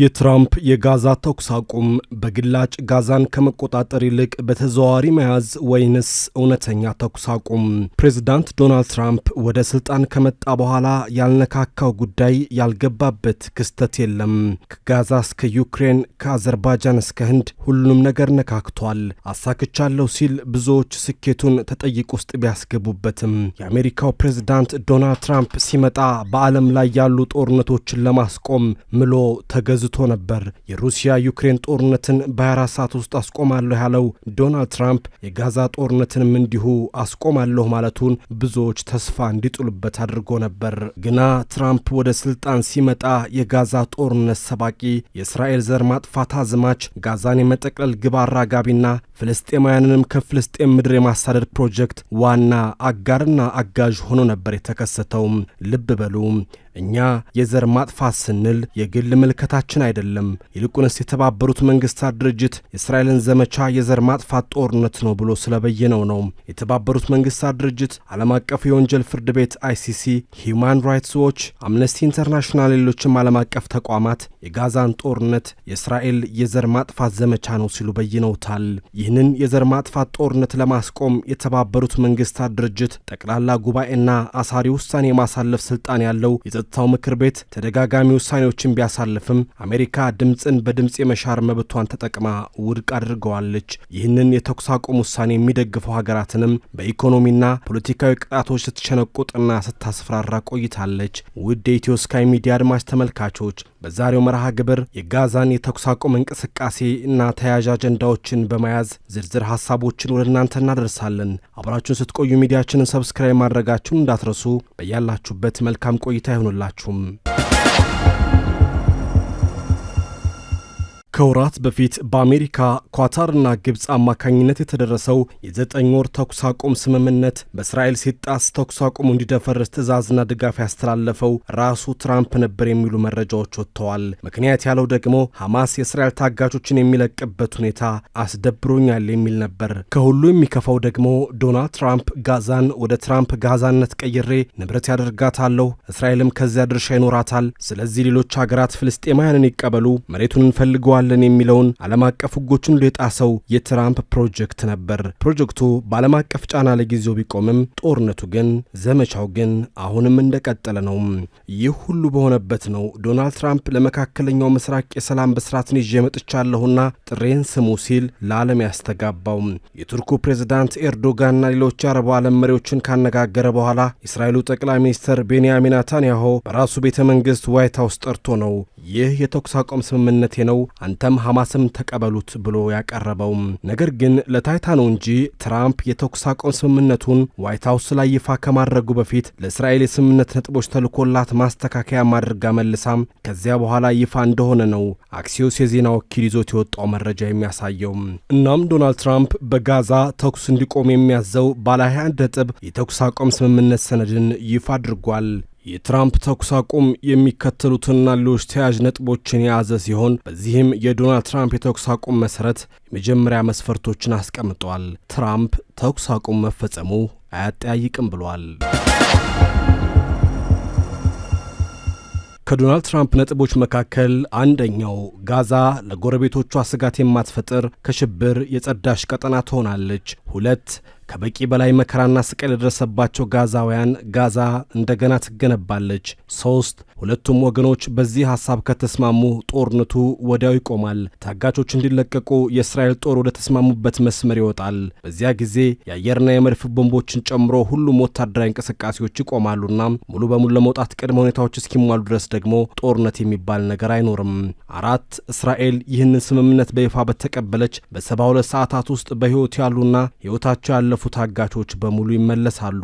የትራምፕ የጋዛ ተኩስ አቁም በግላጭ ጋዛን ከመቆጣጠር ይልቅ በተዘዋዋሪ መያዝ ወይንስ እውነተኛ ተኩስ አቁም? ፕሬዚዳንት ዶናልድ ትራምፕ ወደ ስልጣን ከመጣ በኋላ ያልነካካው ጉዳይ ያልገባበት ክስተት የለም። ከጋዛ እስከ ዩክሬን፣ ከአዘርባይጃን እስከ ህንድ ሁሉንም ነገር ነካክቷል። አሳክቻለሁ ሲል ብዙዎች ስኬቱን ተጠይቅ ውስጥ ቢያስገቡበትም የአሜሪካው ፕሬዚዳንት ዶናልድ ትራምፕ ሲመጣ በዓለም ላይ ያሉ ጦርነቶችን ለማስቆም ምሎ ተገዙ አብዝቶ ነበር። የሩሲያ ዩክሬን ጦርነትን በ24 ሰዓት ውስጥ አስቆማለሁ ያለው ዶናልድ ትራምፕ የጋዛ ጦርነትንም እንዲሁ አስቆማለሁ ማለቱን ብዙዎች ተስፋ እንዲጥሉበት አድርጎ ነበር። ግና ትራምፕ ወደ ስልጣን ሲመጣ የጋዛ ጦርነት ሰባቂ፣ የእስራኤል ዘር ማጥፋት አዝማች፣ ጋዛን የመጠቅለል ግብ አራጋቢና ፍልስጤማውያንንም ከፍልስጤም ምድር የማሳደድ ፕሮጀክት ዋና አጋርና አጋዥ ሆኖ ነበር የተከሰተውም። ልብ በሉ እኛ የዘር ማጥፋት ስንል የግል ምልከታችን አይደለም፣ ይልቁንስ የተባበሩት መንግስታት ድርጅት የእስራኤልን ዘመቻ የዘር ማጥፋት ጦርነት ነው ብሎ ስለበየነው ነው። የተባበሩት መንግስታት ድርጅት፣ ዓለም አቀፉ የወንጀል ፍርድ ቤት አይሲሲ፣ ሂዩማን ራይትስ ዎች፣ አምነስቲ ኢንተርናሽናል፣ ሌሎችም ዓለም አቀፍ ተቋማት የጋዛን ጦርነት የእስራኤል የዘር ማጥፋት ዘመቻ ነው ሲሉ በይነውታል። ይህንን የዘር ማጥፋት ጦርነት ለማስቆም የተባበሩት መንግስታት ድርጅት ጠቅላላ ጉባኤና አሳሪ ውሳኔ የማሳለፍ ስልጣን ያለው የጸጥታው ምክር ቤት ተደጋጋሚ ውሳኔዎችን ቢያሳልፍም አሜሪካ ድምፅን በድምፅ የመሻር መብቷን ተጠቅማ ውድቅ አድርገዋለች። ይህንን የተኩስ አቁም ውሳኔ የሚደግፉ ሀገራትንም በኢኮኖሚና ፖለቲካዊ ቅጣቶች ስትሸነቁጥና ስታስፈራራ ቆይታለች። ውድ የኢትዮ ስካይ ሚዲያ አድማጭ ተመልካቾች በዛሬው መርሃ ግብር የጋዛን የተኩስ አቁም እንቅስቃሴ እና ተያያዥ አጀንዳዎችን በመያዝ ዝርዝር ሀሳቦችን ወደ እናንተ እናደርሳለን። አብራችሁን ስትቆዩ ሚዲያችንን ሰብስክራይብ ማድረጋችሁን እንዳትረሱ። በያላችሁበት መልካም ቆይታ ይሆኑልን። አይዞላችሁም። ከወራት በፊት በአሜሪካ ኳታርና ግብፅ አማካኝነት የተደረሰው የዘጠኝ ወር ተኩስ አቁም ስምምነት በእስራኤል ሲጣስ ተኩስ አቁሙ እንዲደፈርስ ትዕዛዝና ድጋፍ ያስተላለፈው ራሱ ትራምፕ ነበር የሚሉ መረጃዎች ወጥተዋል። ምክንያት ያለው ደግሞ ሐማስ የእስራኤል ታጋቾችን የሚለቅበት ሁኔታ አስደብሮኛል የሚል ነበር። ከሁሉ የሚከፋው ደግሞ ዶናልድ ትራምፕ ጋዛን ወደ ትራምፕ ጋዛነት ቀይሬ ንብረት ያደርጋታለሁ፣ እስራኤልም ከዚያ ድርሻ ይኖራታል። ስለዚህ ሌሎች ሀገራት ፍልስጤማውያንን ይቀበሉ፣ መሬቱን እንፈልገዋል እንገነባለን የሚለውን ዓለም አቀፍ ሕጎቹን የጣሰው የትራምፕ ፕሮጀክት ነበር። ፕሮጀክቱ በዓለም አቀፍ ጫና ለጊዜው ቢቆምም ጦርነቱ ግን ዘመቻው ግን አሁንም እንደቀጠለ ነው። ይህ ሁሉ በሆነበት ነው ዶናልድ ትራምፕ ለመካከለኛው ምስራቅ የሰላም ብስራትን ይዤ መጥቻለሁና ጥሬን ስሙ ሲል ለዓለም ያስተጋባው የቱርኩ ፕሬዝዳንት ኤርዶጋንና ሌሎች የአረቡ ዓለም መሪዎችን ካነጋገረ በኋላ የእስራኤሉ ጠቅላይ ሚኒስትር ቤንያሚን ናታንያሆ በራሱ ቤተ መንግስት ዋይት ሀውስ ጠርቶ ነው ይህ የተኩስ አቁም ስምምነቴ ነው እናንተም ሐማስም ተቀበሉት ብሎ ያቀረበው ነገር ግን ለታይታ ነው እንጂ ትራምፕ የተኩስ አቁም ስምምነቱን ዋይት ሀውስ ላይ ይፋ ከማድረጉ በፊት ለእስራኤል የስምምነት ነጥቦች ተልኮላት ማስተካከያ ማድርጋ መልሳም ከዚያ በኋላ ይፋ እንደሆነ ነው አክሲዮስ የዜና ወኪል ይዞት የወጣው መረጃ የሚያሳየው። እናም ዶናልድ ትራምፕ በጋዛ ተኩስ እንዲቆም የሚያዘው ባለ 21 ነጥብ የተኩስ አቁም ስምምነት ሰነድን ይፋ አድርጓል። የትራምፕ ተኩስ አቁም የሚከተሉትና ሌሎች ተያያዥ ነጥቦችን የያዘ ሲሆን በዚህም የዶናልድ ትራምፕ የተኩስ አቁም መሰረት የመጀመሪያ መስፈርቶችን አስቀምጧል። ትራምፕ ተኩስ አቁም መፈጸሙ አያጠያይቅም ብሏል። ከዶናልድ ትራምፕ ነጥቦች መካከል አንደኛው ጋዛ ለጎረቤቶቿ ስጋት የማትፈጥር ከሽብር የጸዳሽ ቀጠና ትሆናለች። ሁለት ከበቂ በላይ መከራና ስቃይ ለደረሰባቸው ጋዛውያን ጋዛ እንደገና ትገነባለች። ሶስት ሁለቱም ወገኖች በዚህ ሐሳብ ከተስማሙ ጦርነቱ ወዲያው ይቆማል። ታጋቾች እንዲለቀቁ የእስራኤል ጦር ወደ ተስማሙበት መስመር ይወጣል። በዚያ ጊዜ የአየርና የመድፍ ቦምቦችን ጨምሮ ሁሉም ወታደራዊ እንቅስቃሴዎች ይቆማሉና ሙሉ በሙሉ ለመውጣት ቅድመ ሁኔታዎች እስኪሟሉ ድረስ ደግሞ ጦርነት የሚባል ነገር አይኖርም። አራት እስራኤል ይህንን ስምምነት በይፋ በተቀበለች በሰባ ሁለት ሰዓታት ውስጥ በሕይወት ያሉና ሕይወታቸው ያለው ያለፉ ታጋቾች በሙሉ ይመለሳሉ።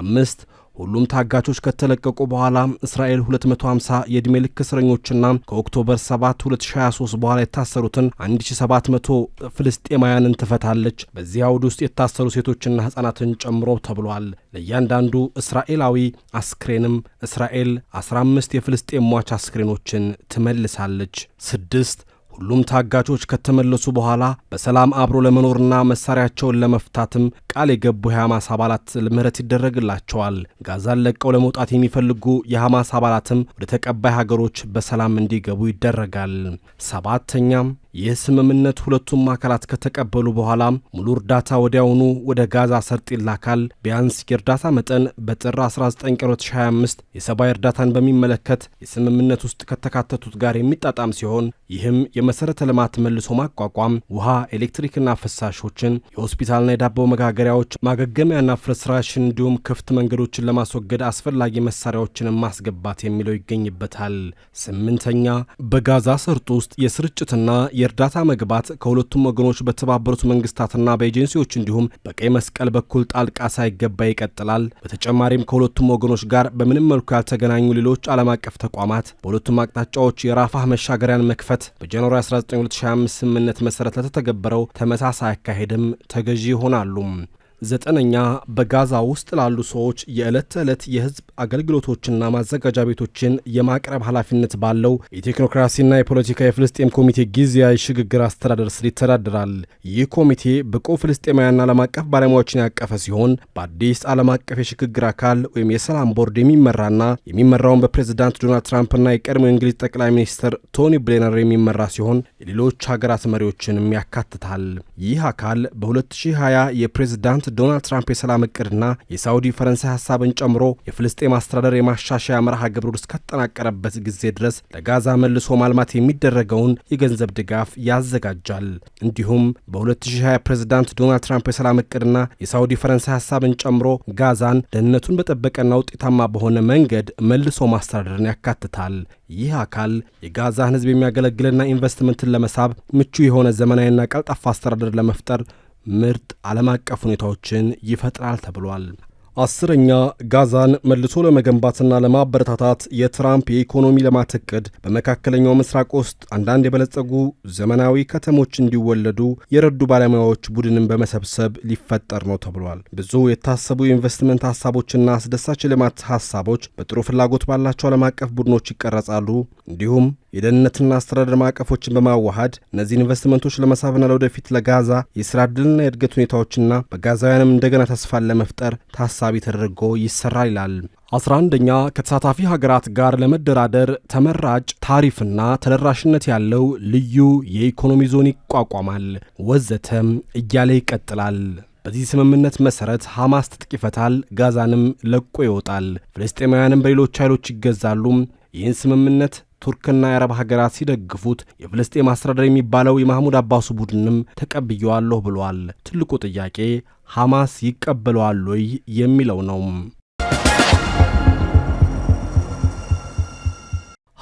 አምስት ሁሉም ታጋቾች ከተለቀቁ በኋላ እስራኤል 250 የዕድሜ ልክ እስረኞችና ከኦክቶበር 7 2023 በኋላ የታሰሩትን 1700 ፍልስጤማውያንን ትፈታለች። በዚህ አውድ ውስጥ የታሰሩ ሴቶችና ሕፃናትን ጨምሮ ተብሏል። ለእያንዳንዱ እስራኤላዊ አስክሬንም እስራኤል 15 የፍልስጤም ሟች አስክሬኖችን ትመልሳለች። ስድስት ሁሉም ታጋቾች ከተመለሱ በኋላ በሰላም አብሮ ለመኖርና መሳሪያቸውን ለመፍታትም ቃል የገቡ የሐማስ አባላት ምህረት ይደረግላቸዋል። ጋዛን ለቀው ለመውጣት የሚፈልጉ የሐማስ አባላትም ወደ ተቀባይ ሀገሮች በሰላም እንዲገቡ ይደረጋል። ሰባተኛም ይህ ስምምነት ሁለቱም አካላት ከተቀበሉ በኋላ ሙሉ እርዳታ ወዲያውኑ ወደ ጋዛ ሰርጥ ይላካል። ቢያንስ የእርዳታ መጠን በጥር 19 ቀን 2025 የሰብአዊ እርዳታን በሚመለከት የስምምነት ውስጥ ከተካተቱት ጋር የሚጣጣም ሲሆን ይህም የመሰረተ ልማት መልሶ ማቋቋም፣ ውሃ፣ ኤሌክትሪክና ፍሳሾችን፣ የሆስፒታልና የዳቦ መጋገሪያዎች፣ ማገገሚያና ፍርስራሽን እንዲሁም ክፍት መንገዶችን ለማስወገድ አስፈላጊ መሳሪያዎችንም ማስገባት የሚለው ይገኝበታል። ስምንተኛ በጋዛ ሰርጥ ውስጥ የስርጭትና የእርዳታ መግባት ከሁለቱም ወገኖች በተባበሩት መንግስታትና በኤጀንሲዎች እንዲሁም በቀይ መስቀል በኩል ጣልቃ ሳይገባ ይቀጥላል። በተጨማሪም ከሁለቱም ወገኖች ጋር በምንም መልኩ ያልተገናኙ ሌሎች ዓለም አቀፍ ተቋማት በሁለቱም አቅጣጫዎች የራፋህ መሻገሪያን መክፈት በጃንዋሪ 19 2025 ስምምነት መሰረት ለተተገበረው ተመሳሳይ አካሄድም ተገዢ ይሆናሉ። ዘጠነኛ በጋዛ ውስጥ ላሉ ሰዎች የዕለት ተዕለት የህዝብ አገልግሎቶችና ማዘጋጃ ቤቶችን የማቅረብ ኃላፊነት ባለው የቴክኖክራሲና የፖለቲካ የፍልስጤም ኮሚቴ ጊዜያዊ ሽግግር አስተዳደር ስር ይተዳደራል። ይህ ኮሚቴ ብቁ ፍልስጤማውያንና ዓለም አቀፍ ባለሙያዎችን ያቀፈ ሲሆን በአዲስ ዓለም አቀፍ የሽግግር አካል ወይም የሰላም ቦርድ የሚመራና የሚመራውን በፕሬዚዳንት ዶናልድ ትራምፕና የቀድሞ የእንግሊዝ ጠቅላይ ሚኒስትር ቶኒ ብሌነር የሚመራ ሲሆን የሌሎች ሀገራት መሪዎችንም ያካትታል። ይህ አካል በ2020 የፕሬዚዳንት ዶናልድ ትራምፕ የሰላም እቅድና የሳውዲ ፈረንሳይ ሀሳብን ጨምሮ የፍልስጤም አስተዳደር የማሻሻያ መርሃ ግብር እስከጠናቀረበት ጊዜ ድረስ ለጋዛ መልሶ ማልማት የሚደረገውን የገንዘብ ድጋፍ ያዘጋጃል። እንዲሁም በ2020 ፕሬዚዳንት ዶናልድ ትራምፕ የሰላም እቅድና የሳውዲ ፈረንሳይ ሀሳብን ጨምሮ ጋዛን ደህንነቱን በጠበቀና ውጤታማ በሆነ መንገድ መልሶ ማስተዳደርን ያካትታል። ይህ አካል የጋዛን ህዝብ የሚያገለግልና ኢንቨስትመንትን ለመሳብ ምቹ የሆነ ዘመናዊና ቀልጣፋ አስተዳደር ለመፍጠር ምርጥ ዓለም አቀፍ ሁኔታዎችን ይፈጥራል ተብሏል። አስረኛ ጋዛን መልሶ ለመገንባትና ለማበረታታት የትራምፕ የኢኮኖሚ ልማት እቅድ በመካከለኛው ምስራቅ ውስጥ አንዳንድ የበለጸጉ ዘመናዊ ከተሞች እንዲወለዱ የረዱ ባለሙያዎች ቡድንን በመሰብሰብ ሊፈጠር ነው ተብሏል። ብዙ የታሰቡ የኢንቨስትመንት ሀሳቦችና አስደሳች የልማት ሀሳቦች በጥሩ ፍላጎት ባላቸው ዓለም አቀፍ ቡድኖች ይቀረጻሉ፣ እንዲሁም የደህንነትና አስተዳደር ማዕቀፎችን በማዋሃድ እነዚህ ኢንቨስትመንቶች ለመሳብና ለወደፊት ለጋዛ የስራ ዕድልና የእድገት ሁኔታዎችና በጋዛውያንም እንደገና ተስፋን ለመፍጠር ታሳቢ ተደርጎ ይሰራል ይላል። አስራ አንደኛ ከተሳታፊ ሀገራት ጋር ለመደራደር ተመራጭ ታሪፍና ተደራሽነት ያለው ልዩ የኢኮኖሚ ዞን ይቋቋማል ወዘተም እያለ ይቀጥላል። በዚህ ስምምነት መሰረት ሐማስ ትጥቅ ይፈታል፣ ጋዛንም ለቆ ይወጣል፣ ፍልስጤማውያንም በሌሎች ኃይሎች ይገዛሉ። ይህን ስምምነት ቱርክና የአረብ ሀገራት ሲደግፉት የፍልስጤም አስተዳደር የሚባለው የማህሙድ አባሱ ቡድንም ተቀብየዋለሁ ብሏል። ትልቁ ጥያቄ ሐማስ ይቀበለዋል ወይ የሚለው ነው።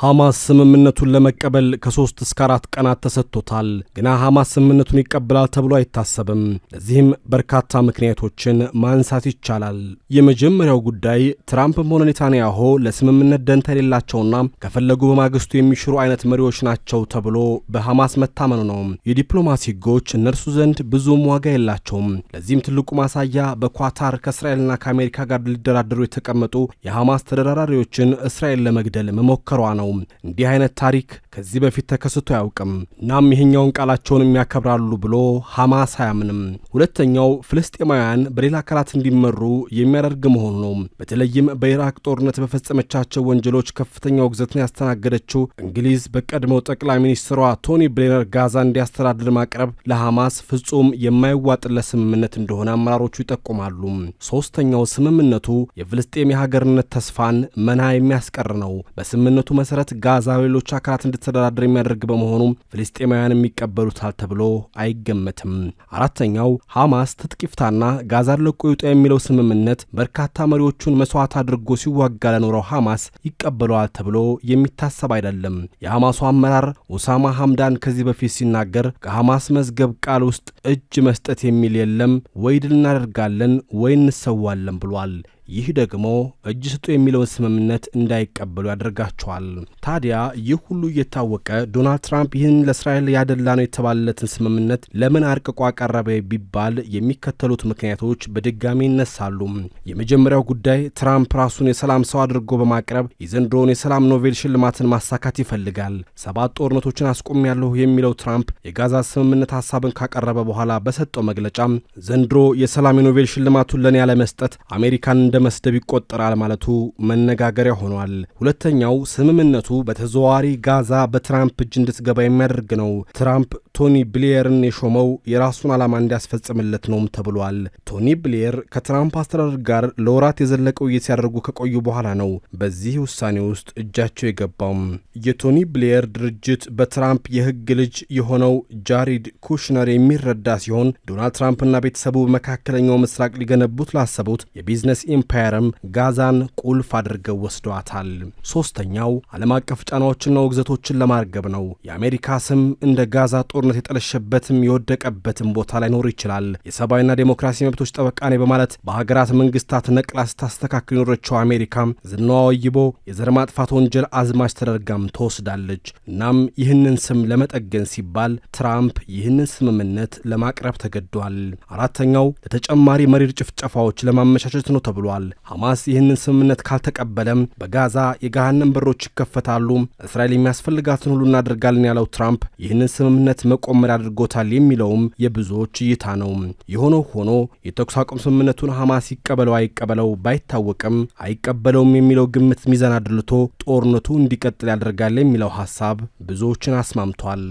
ሐማስ ስምምነቱን ለመቀበል ከሶስት እስከ አራት ቀናት ተሰጥቶታል። ግና ሐማስ ስምምነቱን ይቀበላል ተብሎ አይታሰብም። ለዚህም በርካታ ምክንያቶችን ማንሳት ይቻላል። የመጀመሪያው ጉዳይ ትራምፕም ሆነ ኔታንያሆ ለስምምነት ደንታ የሌላቸውና ከፈለጉ በማግስቱ የሚሽሩ አይነት መሪዎች ናቸው ተብሎ በሐማስ መታመኑ ነው። የዲፕሎማሲ ሕጎች እነርሱ ዘንድ ብዙም ዋጋ የላቸውም። ለዚህም ትልቁ ማሳያ በኳታር ከእስራኤልና ከአሜሪካ ጋር ሊደራደሩ የተቀመጡ የሐማስ ተደራዳሪዎችን እስራኤል ለመግደል መሞከሯ ነው። ነው። እንዲህ አይነት ታሪክ ከዚህ በፊት ተከስቶ አያውቅም። እናም ይህኛውን ቃላቸውን የሚያከብራሉ ብሎ ሐማስ አያምንም። ሁለተኛው ፍልስጤማውያን በሌላ አካላት እንዲመሩ የሚያደርግ መሆኑ ነው። በተለይም በኢራቅ ጦርነት በፈጸመቻቸው ወንጀሎች ከፍተኛ ውግዘትን ያስተናገደችው እንግሊዝ በቀድሞው ጠቅላይ ሚኒስትሯ ቶኒ ብሌነር ጋዛ እንዲያስተዳድር ማቅረብ ለሐማስ ፍጹም የማይዋጥለት ስምምነት እንደሆነ አመራሮቹ ይጠቁማሉ። ሦስተኛው ስምምነቱ የፍልስጤም የሀገርነት ተስፋን መና የሚያስቀር ነው። በስምምነቱ መሠረት መሰረት ጋዛ በሌሎች አካላት እንድትተዳደር የሚያደርግ በመሆኑ ፍልስጤማውያን የሚቀበሉታል ተብሎ አይገመትም። አራተኛው ሐማስ ትጥቅ ይፍታና ጋዛን ለቆ ይውጣ የሚለው ስምምነት በርካታ መሪዎቹን መስዋዕት አድርጎ ሲዋጋ ለኖረው ሐማስ ይቀበለዋል ተብሎ የሚታሰብ አይደለም። የሐማሱ አመራር ኦሳማ ሐምዳን ከዚህ በፊት ሲናገር ከሐማስ መዝገብ ቃል ውስጥ እጅ መስጠት የሚል የለም፣ ወይ ድል እናደርጋለን ወይ እንሰዋለን ብሏል። ይህ ደግሞ እጅ ስጡ የሚለውን ስምምነት እንዳይቀበሉ ያደርጋቸዋል። ታዲያ ይህ ሁሉ እየታወቀ ዶናልድ ትራምፕ ይህን ለእስራኤል ያደላ ነው የተባለለትን ስምምነት ለምን አርቅቆ አቀረበ ቢባል የሚከተሉት ምክንያቶች በድጋሚ ይነሳሉ። የመጀመሪያው ጉዳይ ትራምፕ ራሱን የሰላም ሰው አድርጎ በማቅረብ የዘንድሮውን የሰላም ኖቬል ሽልማትን ማሳካት ይፈልጋል። ሰባት ጦርነቶችን አስቆም ያለሁ የሚለው ትራምፕ የጋዛ ስምምነት ሀሳብን ካቀረበ በኋላ በሰጠው መግለጫ ዘንድሮ የሰላም የኖቤል ሽልማቱን ለእኔ ያለመስጠት አሜሪካን እንደ መስደብ ይቆጠራል ማለቱ መነጋገሪያ ሆኗል። ሁለተኛው ስምምነቱ በተዘዋዋሪ ጋዛ በትራምፕ እጅ እንድትገባ የሚያደርግ ነው። ትራምፕ ቶኒ ብሌየርን የሾመው የራሱን ዓላማ እንዲያስፈጽምለት ነውም ተብሏል። ቶኒ ብሌየር ከትራምፕ አስተዳደር ጋር ለወራት የዘለቀ ውይይት ሲያደርጉ ከቆዩ በኋላ ነው በዚህ ውሳኔ ውስጥ እጃቸው የገባውም። የቶኒ ብሌየር ድርጅት በትራምፕ የሕግ ልጅ የሆነው ጃሪድ ኩሽነር የሚረዳ ሲሆን ዶናልድ ትራምፕና ቤተሰቡ በመካከለኛው ምስራቅ ሊገነቡት ላሰቡት የቢዝነስ አውሮፓውያንም ጋዛን ቁልፍ አድርገው ወስደዋታል። ሶስተኛው ዓለም አቀፍ ጫናዎችና ውግዘቶችን ለማርገብ ነው። የአሜሪካ ስም እንደ ጋዛ ጦርነት የጠለሸበትም የወደቀበትም ቦታ ላይኖር ይችላል። የሰብአዊና ዴሞክራሲ መብቶች ጠበቃ ነኝ በማለት በሀገራት መንግስታት ነቅላ ስታስተካክል የኖረችው አሜሪካ ዝናዋ ወይቦ የዘር ማጥፋት ወንጀል አዝማች ተደርጋም ተወስዳለች። እናም ይህንን ስም ለመጠገን ሲባል ትራምፕ ይህንን ስምምነት ለማቅረብ ተገዷል። አራተኛው ለተጨማሪ መሪር ጭፍጨፋዎች ለማመቻቸት ነው ተብሏል። ብሏል። ሐማስ ይህንን ስምምነት ካልተቀበለም በጋዛ የገሃነም በሮች ይከፈታሉ፣ እስራኤል የሚያስፈልጋትን ሁሉ እናደርጋለን ያለው ትራምፕ ይህንን ስምምነት መቆመር አድርጎታል የሚለውም የብዙዎች እይታ ነው። የሆነው ሆኖ የተኩስ አቁም ስምምነቱን ሐማስ ይቀበለው አይቀበለው ባይታወቅም አይቀበለውም የሚለው ግምት ሚዛን አድልቶ ጦርነቱ እንዲቀጥል ያደርጋል የሚለው ሐሳብ ብዙዎችን አስማምቷል።